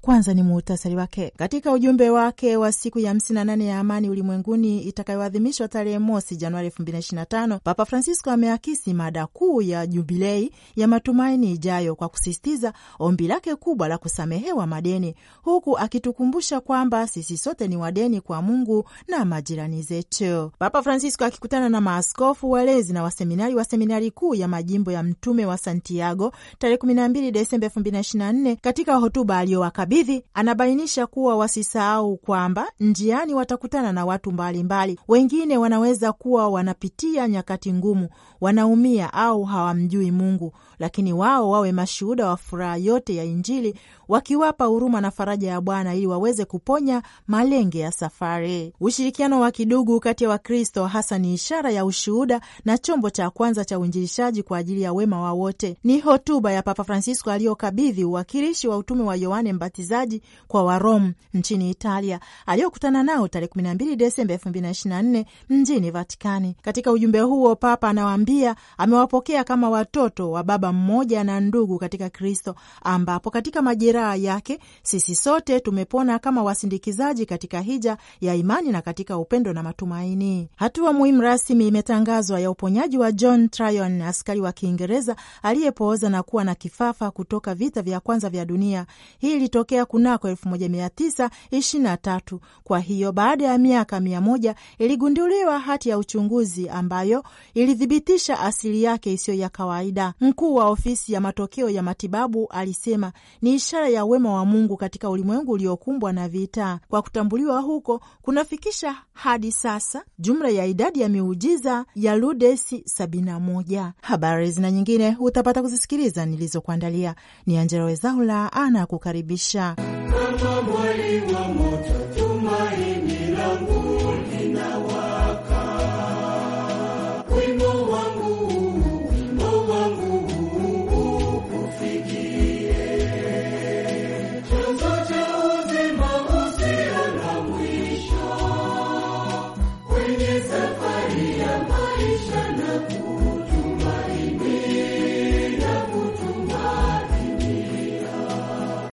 kwanza ni muhtasari wake. Katika ujumbe wake wa siku ya 58 ya amani ulimwenguni itakayoadhimishwa tarehe mosi Januari 2025, Papa Francisco ameakisi mada kuu ya jubilei ya matumaini ijayo kwa kusisitiza ombi lake kubwa la kusamehewa madeni, huku akitukumbusha kwamba sisi sote ni wadeni kwa Mungu na majirani zetu. Papa Francisco akikutana na maaskofu walezi na waseminari wa seminari kuu ya majimbo ya mtume wa Santiago tarehe 12 Desemba 2024, katika hotuba aliyowaka kumkabidhi, anabainisha kuwa wasisahau kwamba njiani watakutana na watu mbalimbali mbali. Wengine wanaweza kuwa wanapitia nyakati ngumu, wanaumia au hawamjui Mungu, lakini wao wawe mashuhuda wa furaha yote ya Injili wakiwapa huruma na faraja ya Bwana ili waweze kuponya malenge ya safari. Ushirikiano wa kidugu kati ya Wakristo hasa ni ishara ya ushuhuda na chombo cha kwanza cha uinjilishaji kwa ajili ya wema wa wote. Ni hotuba ya Papa Francisco aliyokabidhi uwakilishi wa utume wa Yohane Mbatizaji kwa Warome nchini Italia aliyokutana nao tarehe 12 Desemba 2024 mjini Vatikani. Katika ujumbe huo, Papa anawaambia amewapokea kama watoto wa baba mmoja na ndugu katika Kristo, ambapo katika majira majeraha yake, sisi sote tumepona kama wasindikizaji katika hija ya imani na katika upendo na matumaini. Hatua muhimu rasmi imetangazwa ya uponyaji wa John Tryon, askari wa Kiingereza aliyepooza na kuwa na kifafa kutoka vita vya kwanza vya dunia. Hii ilitokea kunako 1923. Kwa hiyo baada ya miaka mia moja iligunduliwa hati ya uchunguzi ambayo ilithibitisha asili yake isiyo ya kawaida. Mkuu wa ofisi ya matokeo ya matibabu alisema ni ishara ishara ya wema wa Mungu katika ulimwengu uliokumbwa na vita. Kwa kutambuliwa huko kunafikisha hadi sasa jumla ya idadi ya miujiza ya Ludesi 71. Habari zina nyingine utapata kuzisikiliza nilizokuandalia. Ni Angela Wezaula ana kukaribisha kama mwali wa moto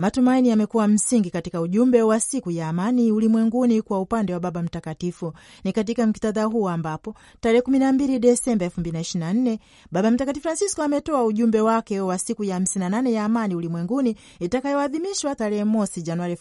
Matumaini yamekuwa msingi katika ujumbe wa siku ya amani ulimwenguni kwa upande wa Baba Mtakatifu. Ni katika mktadha huu ambapo tarehe 12 Desemba nne Baba Mtakatifu Francisco ametoa ujumbe wake wa siku ya 58 ya amani ulimwenguni itakayoadhimishwa tarehe mosi Januari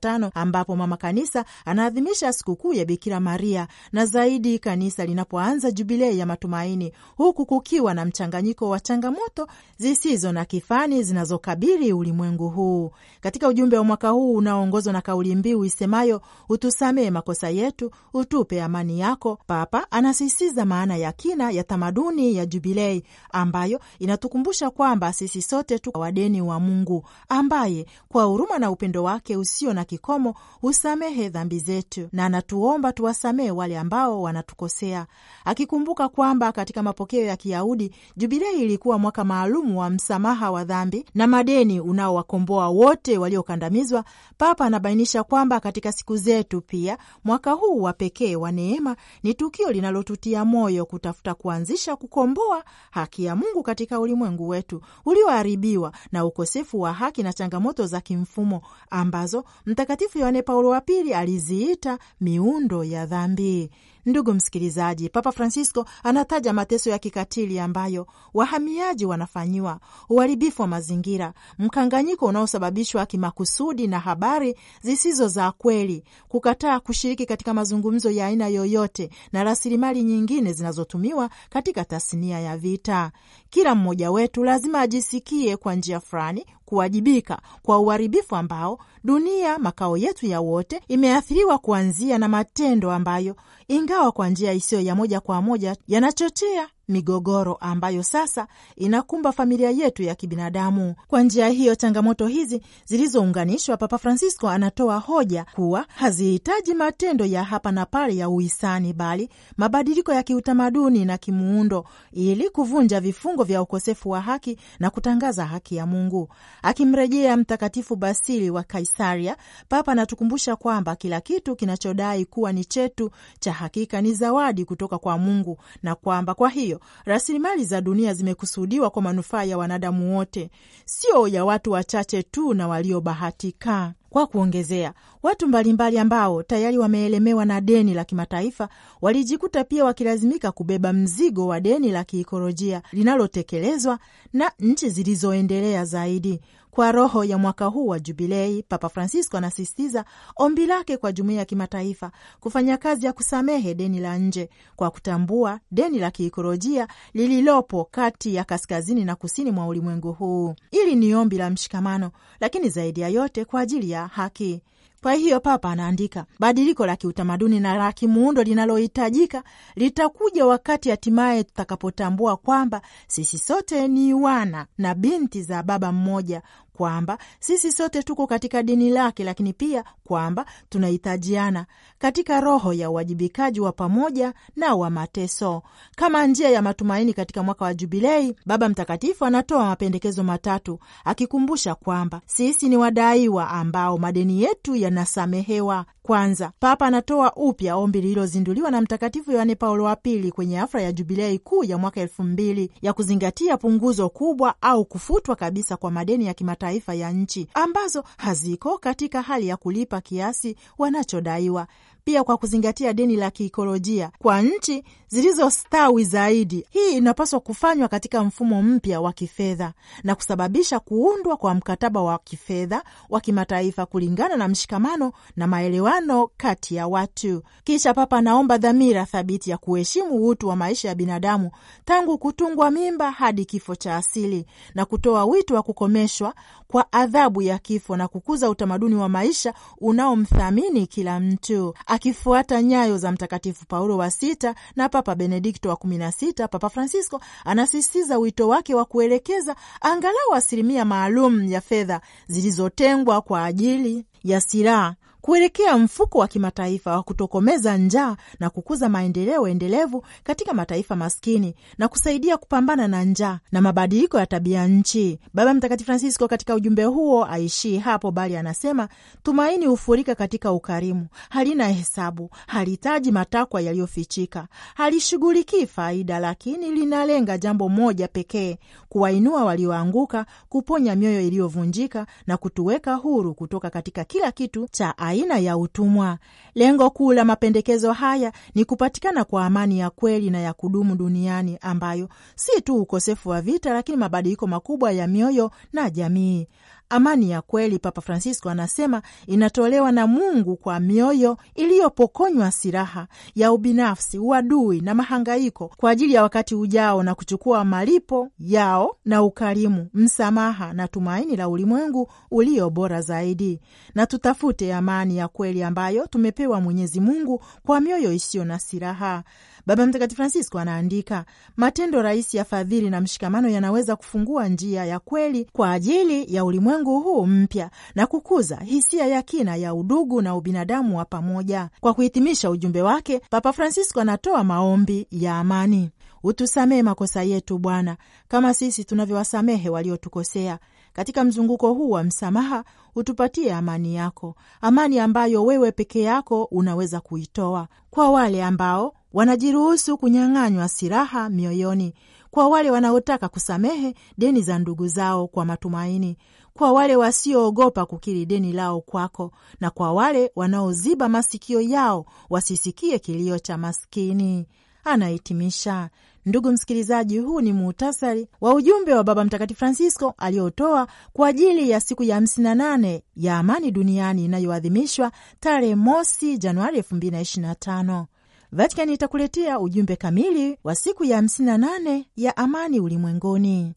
tano ambapo Mama Kanisa anaadhimisha sikukuu ya Bikira Maria na zaidi kanisa linapoanza jubilei ya matumaini, huku kukiwa na mchanganyiko wa changamoto zisizo na kifani zinazokabili ulimwengu huu. Katika ujumbe wa mwaka huu unaoongozwa na kauli mbiu isemayo utusamee makosa yetu, utupe amani yako, Papa anasisitiza maana ya kina ya tamaduni ya Jubilei ambayo inatukumbusha kwamba sisi sote tu wadeni wa Mungu ambaye kwa huruma na upendo wake usio na kikomo husamehe dhambi zetu, na anatuomba tuwasamehe wale ambao wanatukosea, akikumbuka kwamba katika mapokeo ya Kiyahudi Jubilei ilikuwa mwaka maalum wa msamaha wa dhambi na madeni unaowakomboa wote waliokandamizwa, Papa anabainisha kwamba katika siku zetu pia mwaka huu wa pekee wa neema ni tukio linalotutia moyo kutafuta kuanzisha kukomboa haki ya Mungu katika ulimwengu wetu ulioharibiwa na ukosefu wa haki na changamoto za kimfumo ambazo Mtakatifu Yohane Paulo wa Pili aliziita miundo ya dhambi. Ndugu msikilizaji, Papa Francisco anataja mateso ya kikatili ambayo wahamiaji wanafanyiwa, uharibifu wa mazingira, mkanganyiko unaosababishwa kimakusudi na habari zisizo za kweli, kukataa kushiriki katika mazungumzo ya aina yoyote na rasilimali nyingine zinazotumiwa katika tasnia ya vita. Kila mmoja wetu lazima ajisikie kwa njia fulani kuwajibika kwa uharibifu ambao dunia, makao yetu ya wote, imeathiriwa kuanzia na matendo ambayo, ingawa kwa njia isiyo ya moja kwa moja, yanachochea migogoro ambayo sasa inakumba familia yetu ya kibinadamu. Kwa njia hiyo, changamoto hizi zilizounganishwa, Papa Francisco anatoa hoja kuwa hazihitaji matendo ya hapa na pale ya uhisani, bali mabadiliko ya kiutamaduni na kimuundo ili kuvunja vifungo vya ukosefu wa haki na kutangaza haki ya Mungu. Akimrejea Mtakatifu Basili wa Kaisaria, Papa anatukumbusha kwamba kila kitu kinachodai kuwa ni chetu cha hakika ni zawadi kutoka kwa Mungu na kwamba kwa hiyo rasilimali za dunia zimekusudiwa kwa manufaa ya wanadamu wote, sio ya watu wachache tu na waliobahatika. Kwa kuongezea, watu mbalimbali ambao tayari wameelemewa na deni la kimataifa walijikuta pia wakilazimika kubeba mzigo wa deni la kiikolojia linalotekelezwa na nchi zilizoendelea zaidi kwa roho ya mwaka huu wa Jubilei, Papa Francisco anasisitiza ombi lake kwa jumuiya ya kimataifa kufanya kazi ya kusamehe deni la nje kwa kutambua deni la kiikolojia lililopo kati ya kaskazini na kusini mwa ulimwengu huu. Hili ni ombi la mshikamano, lakini zaidi ya yote kwa ajili ya haki. Kwa hiyo Papa anaandika, badiliko la kiutamaduni na la kimuundo linalohitajika litakuja wakati hatimaye tutakapotambua kwamba sisi sote ni wana na binti za Baba mmoja kwamba sisi sote tuko katika dini lake, lakini pia kwamba tunahitajiana katika roho ya uwajibikaji wa pamoja na wa mateso kama njia ya matumaini. Katika mwaka wa Jubilei, Baba Mtakatifu anatoa mapendekezo matatu, akikumbusha kwamba sisi ni wadaiwa ambao madeni yetu yanasamehewa. Kwanza, Papa anatoa upya ombi lililozinduliwa na Mtakatifu Yohane Paulo wa Pili kwenye afra ya Jubilei kuu ya mwaka elfu mbili ya kuzingatia punguzo kubwa au kufutwa kabisa kwa madeni ya kimataifa mataifa ya nchi ambazo haziko katika hali ya kulipa kiasi wanachodaiwa pia kwa kuzingatia deni la kiikolojia kwa nchi zilizostawi zaidi. Hii inapaswa kufanywa katika mfumo mpya wa kifedha na kusababisha kuundwa kwa mkataba wa kifedha wa kimataifa kulingana na mshikamano na maelewano kati ya watu. Kisha Papa anaomba dhamira thabiti ya kuheshimu utu wa maisha ya binadamu tangu kutungwa mimba hadi kifo cha asili na kutoa wito wa kukomeshwa kwa adhabu ya kifo na kukuza utamaduni wa maisha unaomthamini kila mtu akifuata nyayo za Mtakatifu Paulo wa sita na Papa Benedikto wa kumi na sita. Papa Francisco anasisitiza wito wake wa kuelekeza angalau asilimia maalum ya fedha zilizotengwa kwa ajili ya silaha kuelekea mfuko wa kimataifa wa kutokomeza njaa na kukuza maendeleo endelevu katika mataifa maskini na kusaidia kupambana na njaa na mabadiliko ya tabia nchi. Baba Mtakatifu Francisco katika ujumbe huo aishii hapo, bali anasema tumaini hufurika katika ukarimu, halina hesabu, halihitaji matakwa yaliyofichika, halishughulikii faida, lakini linalenga jambo moja pekee: kuwainua walioanguka, kuponya mioyo iliyovunjika na kutuweka huru kutoka katika kila kitu cha aina ya utumwa. Lengo kuu la mapendekezo haya ni kupatikana kwa amani ya kweli na ya kudumu duniani ambayo si tu ukosefu wa vita, lakini mabadiliko makubwa ya mioyo na jamii. Amani ya kweli, Papa Francisco anasema, inatolewa na Mungu kwa mioyo iliyopokonywa silaha ya ubinafsi, uadui na mahangaiko kwa ajili ya wakati ujao na kuchukua malipo yao na ukarimu, msamaha na tumaini la ulimwengu ulio bora zaidi. Na tutafute amani ya kweli ambayo tumepewa Mwenyezi Mungu kwa mioyo isiyo na silaha. Baba Mtakatifu Francisco anaandika, matendo rahisi ya fadhili na mshikamano yanaweza kufungua njia ya kweli kwa ajili ya ulimwengu huu mpya na kukuza hisia ya kina ya udugu na ubinadamu wa pamoja. Kwa kuhitimisha ujumbe wake, Papa Francisco anatoa maombi ya amani: utusamehe makosa yetu Bwana, kama sisi tunavyowasamehe waliotukosea katika mzunguko huu wa msamaha utupatie amani yako, amani ambayo wewe peke yako unaweza kuitoa kwa wale ambao wanajiruhusu kunyang'anywa silaha mioyoni, kwa wale wanaotaka kusamehe deni za ndugu zao kwa matumaini, kwa wale wasioogopa kukiri deni lao kwako, na kwa wale wanaoziba masikio yao wasisikie kilio cha maskini. Anahitimisha. Ndugu msikilizaji, huu ni muhtasari wa ujumbe wa Baba Mtakatifu Francisco aliotoa kwa ajili ya siku ya 58 ya amani duniani inayoadhimishwa tarehe mosi Januari 2025. Vatikani itakuletea ujumbe kamili wa siku ya 58 ya amani ulimwenguni.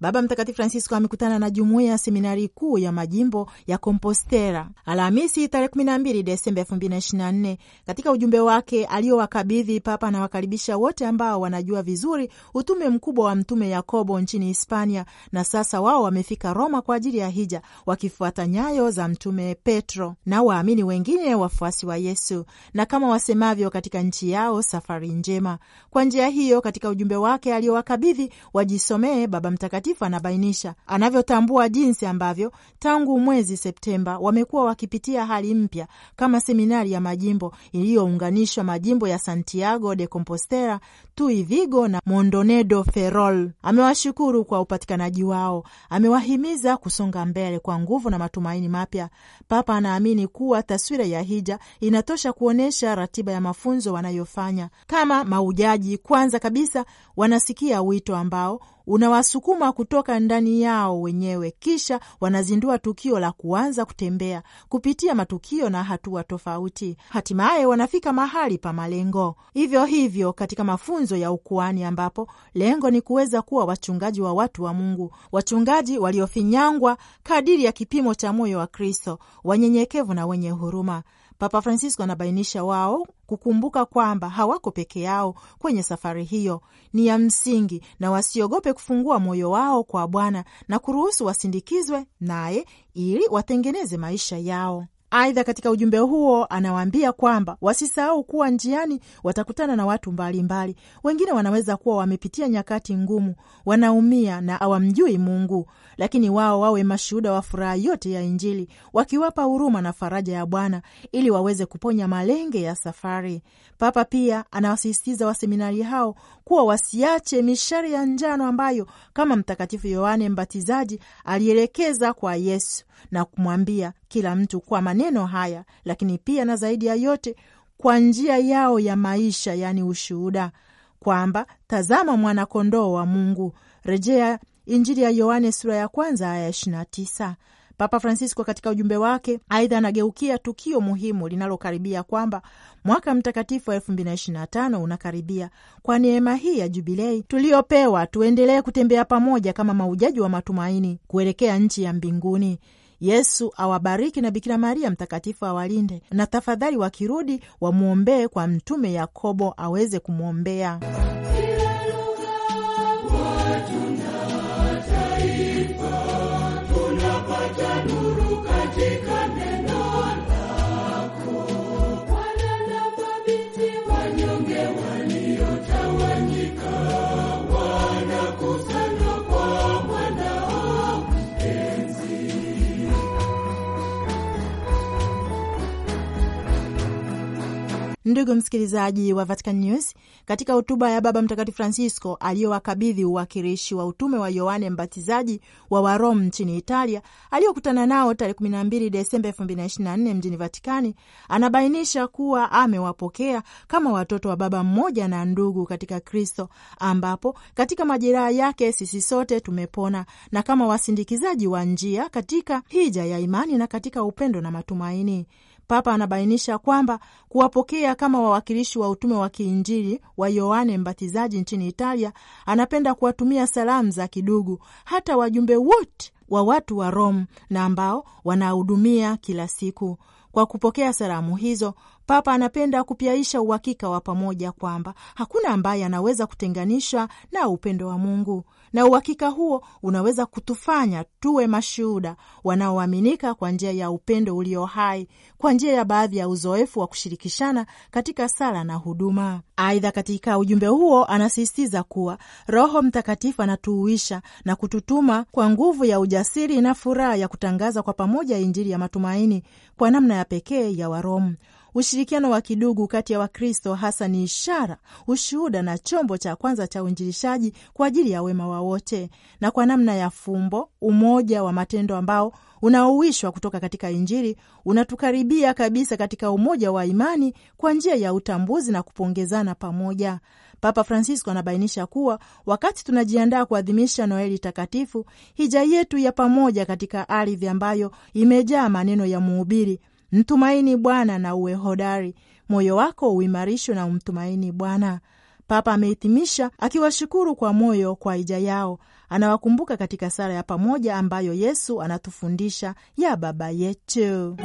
Baba Mtakatifu Francisco amekutana na jumuiya ya seminari kuu ya majimbo ya Kompostela Alhamisi tarehe 12 Desemba 2024. Katika ujumbe wake aliowakabidhi Papa, anawakaribisha wote ambao wanajua vizuri utume mkubwa wa Mtume Yakobo nchini Hispania na sasa wao wamefika Roma kwa ajili ya hija, wakifuata nyayo za Mtume Petro na waamini wengine wafuasi wa Yesu, na kama wasemavyo katika nchi yao, safari njema. Kwa njia hiyo, katika ujumbe wake aliowakabidhi wajisomee Baba Mtakatifu Mtakatifu anabainisha anavyotambua jinsi ambavyo tangu mwezi Septemba wamekuwa wakipitia hali mpya kama seminari ya majimbo iliyounganishwa majimbo ya Santiago de Compostela, Tui, Vigo na Mondonedo Ferrol. Amewashukuru kwa upatikanaji wao, amewahimiza kusonga mbele kwa nguvu na matumaini mapya. Papa anaamini kuwa taswira ya hija inatosha kuonyesha ratiba ya mafunzo wanayofanya kama maujaji. Kwanza kabisa wanasikia wito ambao unawasukuma kutoka ndani yao wenyewe, kisha wanazindua tukio la kuanza kutembea kupitia matukio na hatua tofauti, hatimaye wanafika mahali pa malengo. Hivyo hivyo katika mafunzo ya ukuani, ambapo lengo ni kuweza kuwa wachungaji wa watu wa Mungu, wachungaji waliofinyangwa kadiri ya kipimo cha moyo wa Kristo, wanyenyekevu na wenye huruma. Papa Francisco anabainisha wao kukumbuka kwamba hawako peke yao kwenye safari hiyo. Ni ya msingi na wasiogope kufungua moyo wao kwa Bwana na kuruhusu wasindikizwe naye ili watengeneze maisha yao. Aidha, katika ujumbe huo anawaambia kwamba wasisahau kuwa njiani watakutana na watu mbalimbali mbali. Wengine wanaweza kuwa wamepitia nyakati ngumu, wanaumia na hawamjui Mungu, lakini wao wawe mashuhuda wa furaha yote ya Injili, wakiwapa huruma na faraja ya Bwana ili waweze kuponya malenge ya safari. Papa pia anawasisitiza waseminari hao kuwa wasiache mishari ya njano ambayo kama Mtakatifu Yohane Mbatizaji alielekeza kwa Yesu na kumwambia kila mtu kwa maneno haya, lakini pia na zaidi ya yote kwa njia yao ya maisha, yaani ushuhuda kwamba tazama mwanakondoo wa Mungu. Rejea Injili ya Yohane sura ya kwanza aya ishirini na tisa. Papa Francisco katika ujumbe wake aidha anageukia tukio muhimu linalokaribia kwamba mwaka mtakatifu wa 2025 unakaribia. Kwa neema hii ya jubilei tuliyopewa, tuendelee kutembea pamoja kama maujaji wa matumaini kuelekea nchi ya mbinguni. Yesu awabariki na Bikira Maria Mtakatifu awalinde, na tafadhali wakirudi wamwombee kwa Mtume Yakobo aweze kumwombea. Ndugu msikilizaji wa Vatican News, katika hotuba ya Baba Mtakatifu Francisco aliyowakabidhi uwakilishi wa utume wa Yohane Mbatizaji wa warom nchini Italia aliyokutana nao tarehe 12 Desemba 2024 mjini Vatikani, anabainisha kuwa amewapokea kama watoto wa Baba mmoja na ndugu katika Kristo, ambapo katika majeraha yake sisi sote tumepona na kama wasindikizaji wa njia katika hija ya imani na katika upendo na matumaini Papa anabainisha kwamba kuwapokea kama wawakilishi wa utume wa kiinjili wa Yohane Mbatizaji nchini Italia, anapenda kuwatumia salamu za kidugu hata wajumbe wote wa watu wa Rome na ambao wanahudumia kila siku. Kwa kupokea salamu hizo, Papa anapenda kupyaisha uhakika wa pamoja kwamba hakuna ambaye anaweza kutenganishwa na upendo wa Mungu na uhakika huo unaweza kutufanya tuwe mashuhuda wanaoaminika kwa njia ya upendo ulio hai, kwa njia ya baadhi ya uzoefu wa kushirikishana katika sala na huduma. Aidha, katika ujumbe huo anasisitiza kuwa Roho Mtakatifu anatuuisha na kututuma kwa nguvu ya ujasiri na furaha ya kutangaza kwa pamoja Injili ya matumaini kwa namna ya pekee ya Waromu Ushirikiano wa kidugu kati ya Wakristo hasa ni ishara, ushuhuda na chombo cha kwanza cha uinjilishaji kwa ajili ya wema wa wote, na kwa namna ya fumbo, umoja wa matendo ambao unaowishwa kutoka katika Injili unatukaribia kabisa katika umoja wa imani kwa njia ya utambuzi na kupongezana pamoja. Papa Francisco anabainisha kuwa wakati tunajiandaa kuadhimisha Noeli Takatifu, hija yetu ya pamoja katika ardhi ambayo imejaa maneno ya mhubiri Mtumaini Bwana na uwe hodari, moyo wako uimarishwe na umtumaini Bwana. Papa amehitimisha akiwashukuru kwa moyo kwa ija yao. Anawakumbuka katika sala ya pamoja ambayo Yesu anatufundisha ya Baba yetu.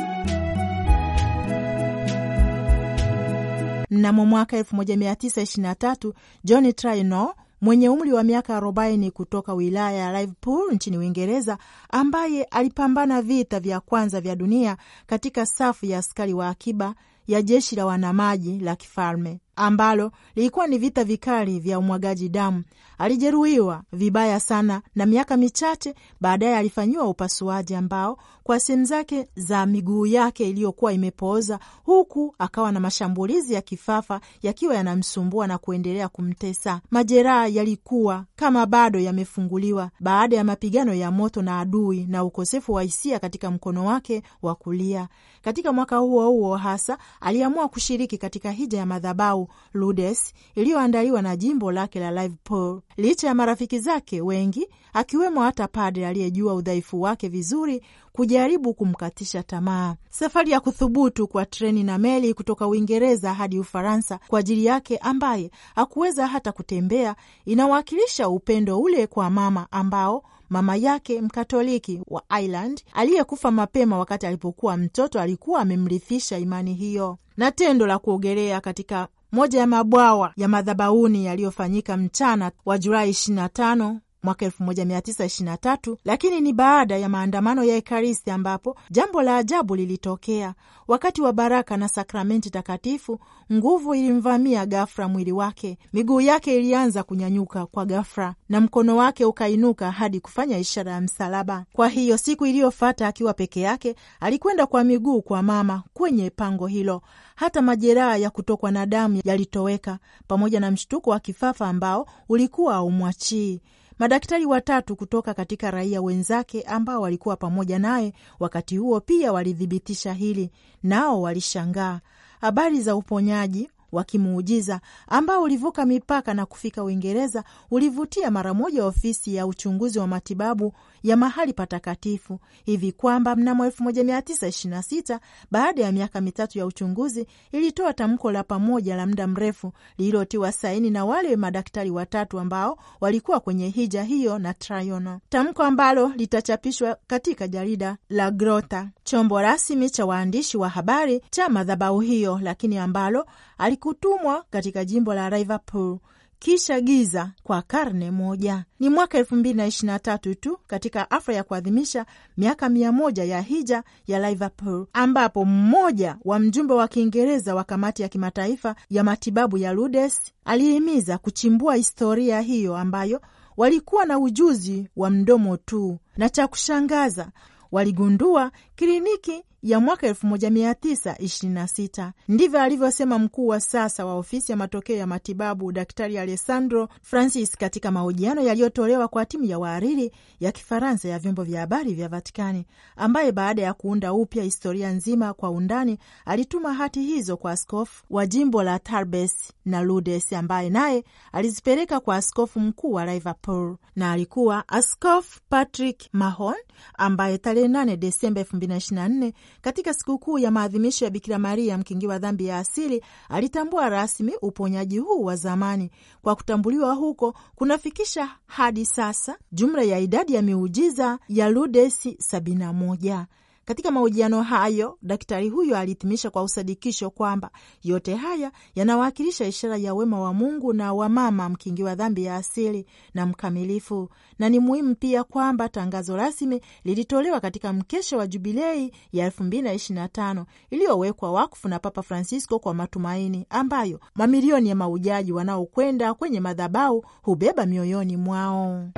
Mnamo mwaka 1923 John Trainor mwenye umri wa miaka arobaini kutoka wilaya ya Liverpool nchini Uingereza, ambaye alipambana vita vya kwanza vya dunia katika safu ya askari wa akiba ya jeshi la wanamaji la kifalme ambalo lilikuwa ni vita vikali vya umwagaji damu. Alijeruhiwa vibaya sana, na miaka michache baadaye alifanyiwa upasuaji ambao kwa sehemu zake za miguu yake iliyokuwa imepooza, huku akawa na mashambulizi ya kifafa yakiwa yanamsumbua na kuendelea kumtesa. Majeraha yalikuwa kama bado yamefunguliwa baada ya mapigano ya moto na adui na ukosefu wa hisia katika mkono wake wa kulia. Katika mwaka huo huo hasa aliamua kushiriki katika hija ya madhabahu au Ludes iliyoandaliwa na jimbo lake la Liverpool. Licha ya marafiki zake wengi, akiwemo hata padre aliyejua udhaifu wake vizuri, kujaribu kumkatisha tamaa. Safari ya kuthubutu kwa treni na meli kutoka Uingereza hadi Ufaransa kwa ajili yake, ambaye hakuweza hata kutembea, inawakilisha upendo ule kwa mama ambao mama yake Mkatoliki wa Ireland aliyekufa mapema wakati alipokuwa mtoto alikuwa amemrithisha imani hiyo na tendo la kuogelea katika moja ya mabwawa ya madhabauni yaliyofanyika mchana wa Julai 25 mwaka 1923 lakini ni baada ya maandamano ya Ekaristi ambapo jambo la ajabu lilitokea. Wakati wa baraka na sakramenti takatifu, nguvu ilimvamia gafra mwili wake, miguu yake ilianza kunyanyuka kwa gafra na mkono wake ukainuka hadi kufanya ishara ya msalaba. Kwa hiyo siku iliyofata, akiwa peke yake, alikwenda kwa miguu kwa mama kwenye pango hilo. Hata majeraha ya kutokwa na damu yalitoweka pamoja na mshtuko wa kifafa ambao ulikuwa haumwachii. Madaktari watatu kutoka katika raia wenzake ambao walikuwa pamoja naye wakati huo pia walithibitisha hili, nao walishangaa. Habari za uponyaji wa kimuujiza ambao ulivuka mipaka na kufika Uingereza ulivutia mara moja ofisi ya uchunguzi wa matibabu ya mahali patakatifu hivi kwamba mnamo 1926 baada ya miaka mitatu ya uchunguzi ilitoa tamko la pamoja la muda mrefu lililotiwa saini na wale madaktari watatu ambao walikuwa kwenye hija hiyo na Tryon, tamko ambalo litachapishwa katika jarida la Grota, chombo rasmi cha waandishi wa habari cha madhabahu hiyo, lakini ambalo alikutumwa katika jimbo la Liverpool kisha Giza kwa karne moja. Ni mwaka elfu mbili na ishirini na tatu tu katika afra ya kuadhimisha miaka mia moja ya hija ya Liverpool, ambapo mmoja wa mjumbe wa Kiingereza wa kamati ya kimataifa ya matibabu ya Lourdes alihimiza kuchimbua historia hiyo ambayo walikuwa na ujuzi wa mdomo tu, na cha kushangaza waligundua kliniki ya mwaka 1926. Ndivyo alivyosema mkuu wa sasa wa ofisi ya matokeo ya matibabu Daktari Alessandro Francis katika mahojiano yaliyotolewa kwa timu ya wahariri ya Kifaransa ya vyombo vya habari vya Vatikani, ambaye baada ya kuunda upya historia nzima kwa undani alituma hati hizo kwa askofu wa jimbo la Tarbes na ludes ambaye naye alizipeleka kwa askofu mkuu wa Liverpool na alikuwa Askofu Patrick Mahon ambaye tarehe 8 Desemba 2024 katika sikukuu ya maadhimisho ya Bikira Maria mkingi wa dhambi ya asili, alitambua rasmi uponyaji huu wa zamani. Kwa kutambuliwa huko kunafikisha hadi sasa jumla ya idadi ya miujiza ya Ludesi 71. Katika mahojiano hayo, daktari huyo alihitimisha kwa usadikisho kwamba yote haya yanawakilisha ishara ya wema wa Mungu na wa mama wa dhambi ya asili na mkamilifu, na ni muhimu pia kwamba tangazo rasmi lilitolewa katika mkesha wa Jubilei ya 2025 iliyowekwa wakfu na Papa Francisco kwa matumaini ambayo mamilioni ya maujaji wanaokwenda kwenye madhabahu hubeba mioyoni mwao.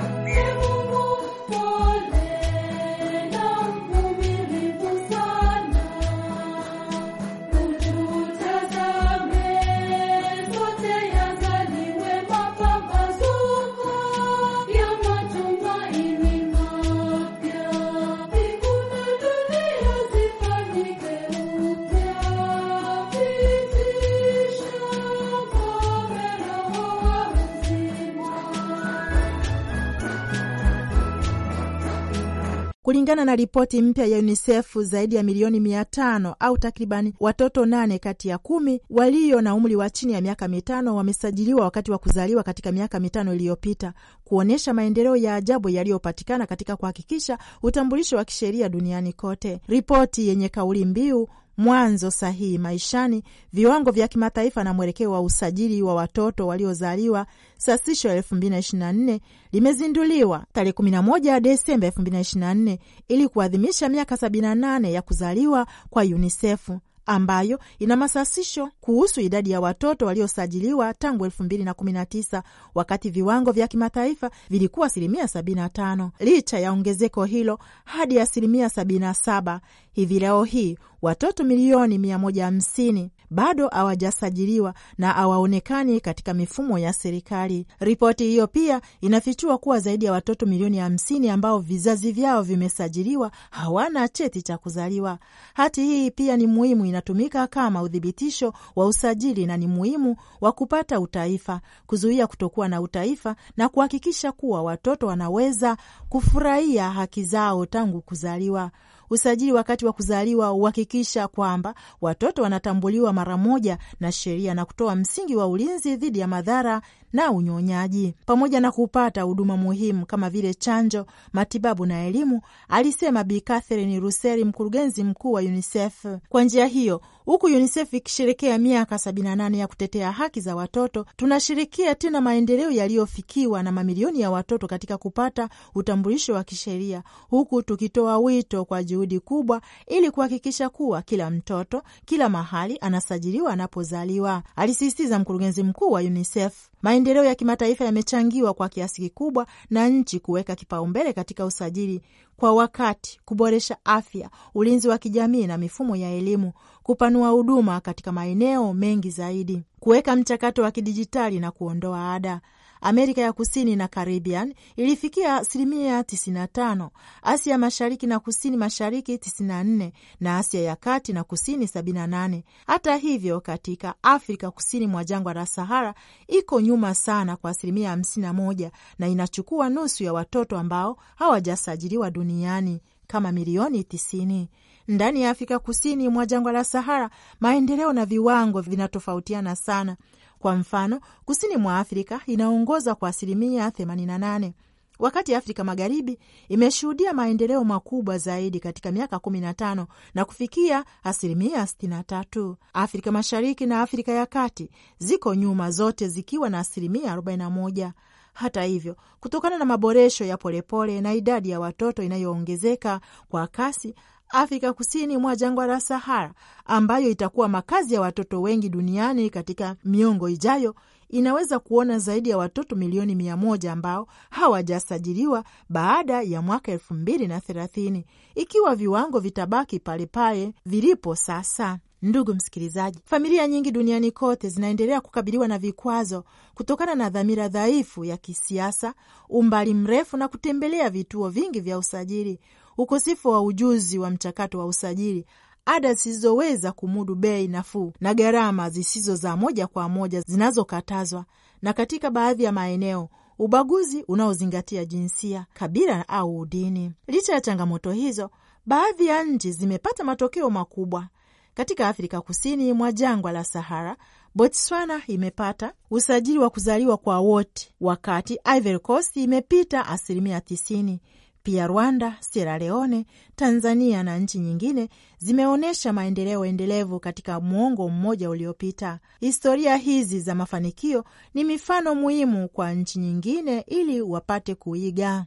Kulingana na ripoti mpya ya UNICEF, zaidi ya milioni mia tano au takribani watoto nane kati ya kumi walio na umri wa chini ya miaka mitano wamesajiliwa wakati wa kuzaliwa katika miaka mitano iliyopita, kuonyesha maendeleo ya ajabu yaliyopatikana katika kuhakikisha utambulisho wa kisheria duniani kote. Ripoti yenye kauli mbiu mwanzo sahihi maishani, viwango vya kimataifa na mwelekeo wa usajili wa watoto waliozaliwa, sasisho ya 2024 limezinduliwa tarehe 11 Desemba 2024 ili kuadhimisha miaka 78 ya kuzaliwa kwa UNICEF ambayo ina masasisho kuhusu idadi ya watoto waliosajiliwa tangu elfu mbili na kumi na tisa wakati viwango vya kimataifa vilikuwa asilimia sabini na tano. Licha ya ongezeko hilo hadi asilimia sabini na saba Hivi leo hii watoto milioni 150 bado hawajasajiliwa na hawaonekani katika mifumo ya serikali. Ripoti hiyo pia inafichua kuwa zaidi ya watoto milioni 50 ambao vizazi vyao vimesajiliwa hawana cheti cha kuzaliwa. Hati hii pia ni muhimu, inatumika kama uthibitisho wa usajili na ni muhimu wa kupata utaifa, kuzuia kutokuwa na utaifa na kuhakikisha kuwa watoto wanaweza kufurahia haki zao tangu kuzaliwa. Usajili wakati wa kuzaliwa huhakikisha kwamba watoto wanatambuliwa mara moja na sheria na kutoa msingi wa ulinzi dhidi ya madhara na unyonyaji, pamoja na kupata huduma muhimu kama vile chanjo, matibabu na elimu, alisema Bi Catherine Ruseri, mkurugenzi mkuu wa UNICEF. Kwa njia hiyo Huku UNICEF ikisherekea miaka 78 ya kutetea haki za watoto, tunashirikia tena maendeleo yaliyofikiwa na mamilioni ya watoto katika kupata utambulisho wa kisheria, huku tukitoa wito kwa juhudi kubwa ili kuhakikisha kuwa kila mtoto kila mahali anasajiliwa anapozaliwa, alisisitiza mkurugenzi mkuu wa UNICEF. Maendeleo ya kimataifa yamechangiwa kwa kiasi kikubwa na nchi kuweka kipaumbele katika usajili kwa wakati, kuboresha afya, ulinzi wa kijamii na mifumo ya elimu, kupanua huduma katika maeneo mengi zaidi, kuweka mchakato wa kidijitali na kuondoa ada. Amerika ya Kusini na Caribbean ilifikia asilimia 95, Asia ya Mashariki na Kusini Mashariki 94, na Asia ya Kati na Kusini 78. Hata hivyo, katika Afrika kusini mwa jangwa la Sahara iko nyuma sana kwa asilimia 51, na inachukua nusu ya watoto ambao hawajasajiliwa duniani kama milioni 90. Ndani ya Afrika kusini mwa jangwa la Sahara maendeleo na viwango vinatofautiana sana. Kwa mfano, kusini mwa Afrika inaongoza kwa asilimia 88 wakati Afrika Magharibi imeshuhudia maendeleo makubwa zaidi katika miaka 15 na kufikia asilimia 63. Afrika Mashariki na Afrika ya Kati ziko nyuma, zote zikiwa na asilimia 41. Hata hivyo, kutokana na maboresho ya polepole na idadi ya watoto inayoongezeka kwa kasi, Afrika kusini mwa jangwa la Sahara, ambayo itakuwa makazi ya watoto wengi duniani katika miongo ijayo, inaweza kuona zaidi ya watoto milioni mia moja ambao hawajasajiliwa baada ya mwaka elfu mbili na thelathini ikiwa viwango vitabaki palepale vilipo sasa. Ndugu msikilizaji, familia nyingi duniani kote zinaendelea kukabiliwa na vikwazo kutokana na dhamira dhaifu ya kisiasa, umbali mrefu na kutembelea vituo vingi vya usajili, ukosefu wa ujuzi wa mchakato wa usajili, ada zisizoweza kumudu bei nafuu na gharama zisizo za moja kwa moja zinazokatazwa, na katika baadhi ya maeneo ubaguzi unaozingatia jinsia, kabila au udini. Licha ya changamoto hizo, baadhi ya nchi zimepata matokeo makubwa. Katika Afrika kusini mwa jangwa la Sahara, Botswana imepata usajili wa kuzaliwa kwa wote, wakati Ivory Coast imepita asilimia tisini. Pia Rwanda, Sierra Leone, Tanzania na nchi nyingine zimeonyesha maendeleo endelevu katika mwongo mmoja uliopita. Historia hizi za mafanikio ni mifano muhimu kwa nchi nyingine ili wapate kuiga.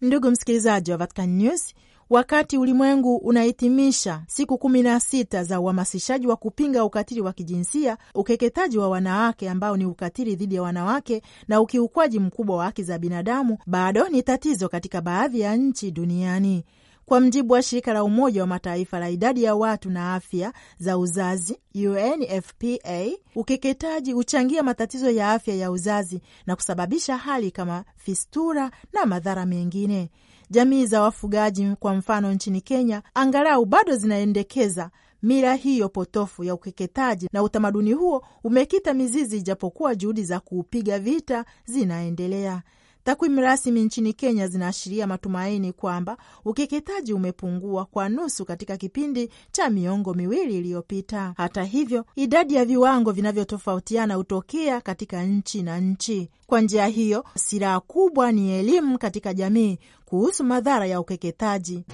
Ndugu msikilizaji wa Vatican News, wakati ulimwengu unahitimisha siku kumi na sita za uhamasishaji wa kupinga ukatili wa kijinsia, ukeketaji wa wanawake ambao ni ukatili dhidi ya wanawake na ukiukwaji mkubwa wa haki za binadamu, bado ni tatizo katika baadhi ya nchi duniani. Kwa mjibu wa shirika la Umoja wa Mataifa la idadi ya watu na afya za uzazi UNFPA, ukeketaji huchangia matatizo ya afya ya uzazi na kusababisha hali kama fistura na madhara mengine. Jamii za wafugaji kwa mfano nchini Kenya angalau bado zinaendekeza mila hiyo potofu ya ukeketaji na utamaduni huo umekita mizizi, ijapokuwa juhudi za kuupiga vita zinaendelea. Takwimu rasmi nchini Kenya zinaashiria matumaini kwamba ukeketaji umepungua kwa nusu katika kipindi cha miongo miwili iliyopita. Hata hivyo, idadi ya viwango vinavyotofautiana hutokea katika nchi na nchi. Kwa njia hiyo, silaha kubwa ni elimu katika jamii kuhusu madhara ya ukeketaji.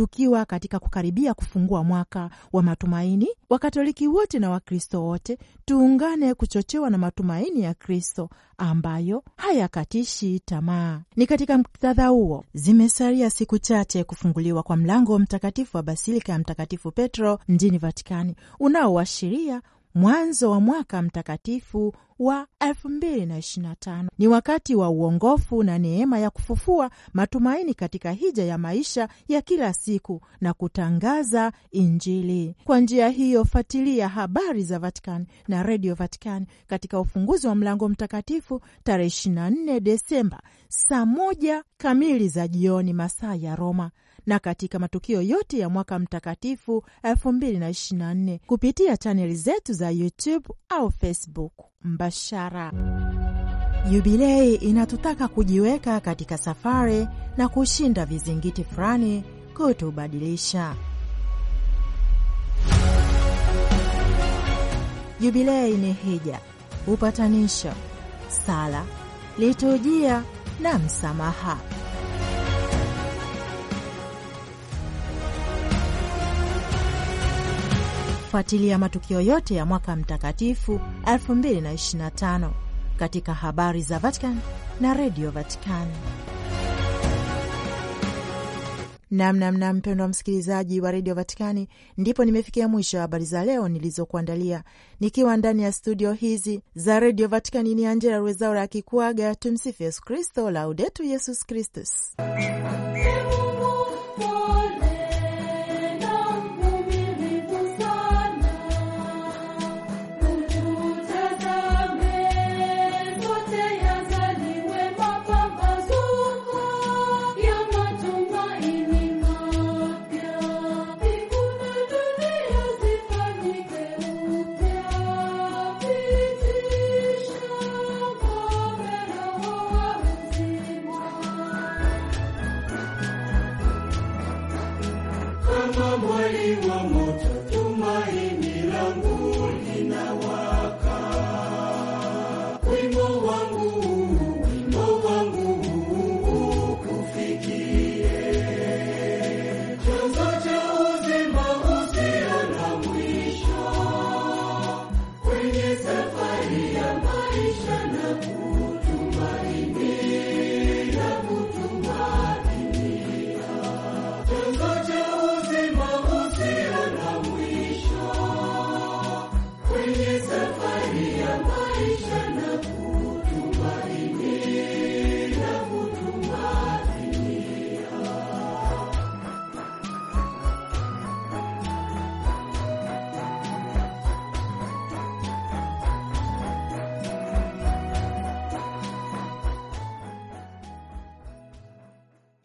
tukiwa katika kukaribia kufungua mwaka wa matumaini, Wakatoliki wote na Wakristo wote tuungane kuchochewa na matumaini ya Kristo ambayo hayakatishi tamaa. Ni katika muktadha huo, zimesalia siku chache kufunguliwa kwa mlango mtakatifu wa basilika ya Mtakatifu Petro mjini Vatikani unaoashiria mwanzo wa mwaka mtakatifu wa 2025 ni wakati wa uongofu na neema ya kufufua matumaini katika hija ya maisha ya kila siku na kutangaza Injili. Kwa njia hiyo, fatilia habari za Vatikani na redio Vatikani katika ufunguzi wa mlango mtakatifu tarehe 24 Desemba saa moja kamili za jioni masaa ya Roma na katika matukio yote ya mwaka mtakatifu 2024 kupitia chaneli zetu za YouTube au Facebook mbashara. Yubilei inatutaka kujiweka katika safari na kushinda vizingiti fulani kutubadilisha. Jubilei ni hija, upatanisho, sala, liturujia na msamaha. kufuatilia matukio yote ya mwaka mtakatifu 2025 katika habari za Vatican na redio Vatican. Namnamna mpendwa msikilizaji wa redio Vatikani, ndipo nimefikia mwisho wa habari za leo nilizokuandalia nikiwa ndani ya studio hizi za redio Vatikani. Ni Angela Rwezaura akikuaga. Tumsifu Yesu Kristo, Laudetu Yesus Kristus.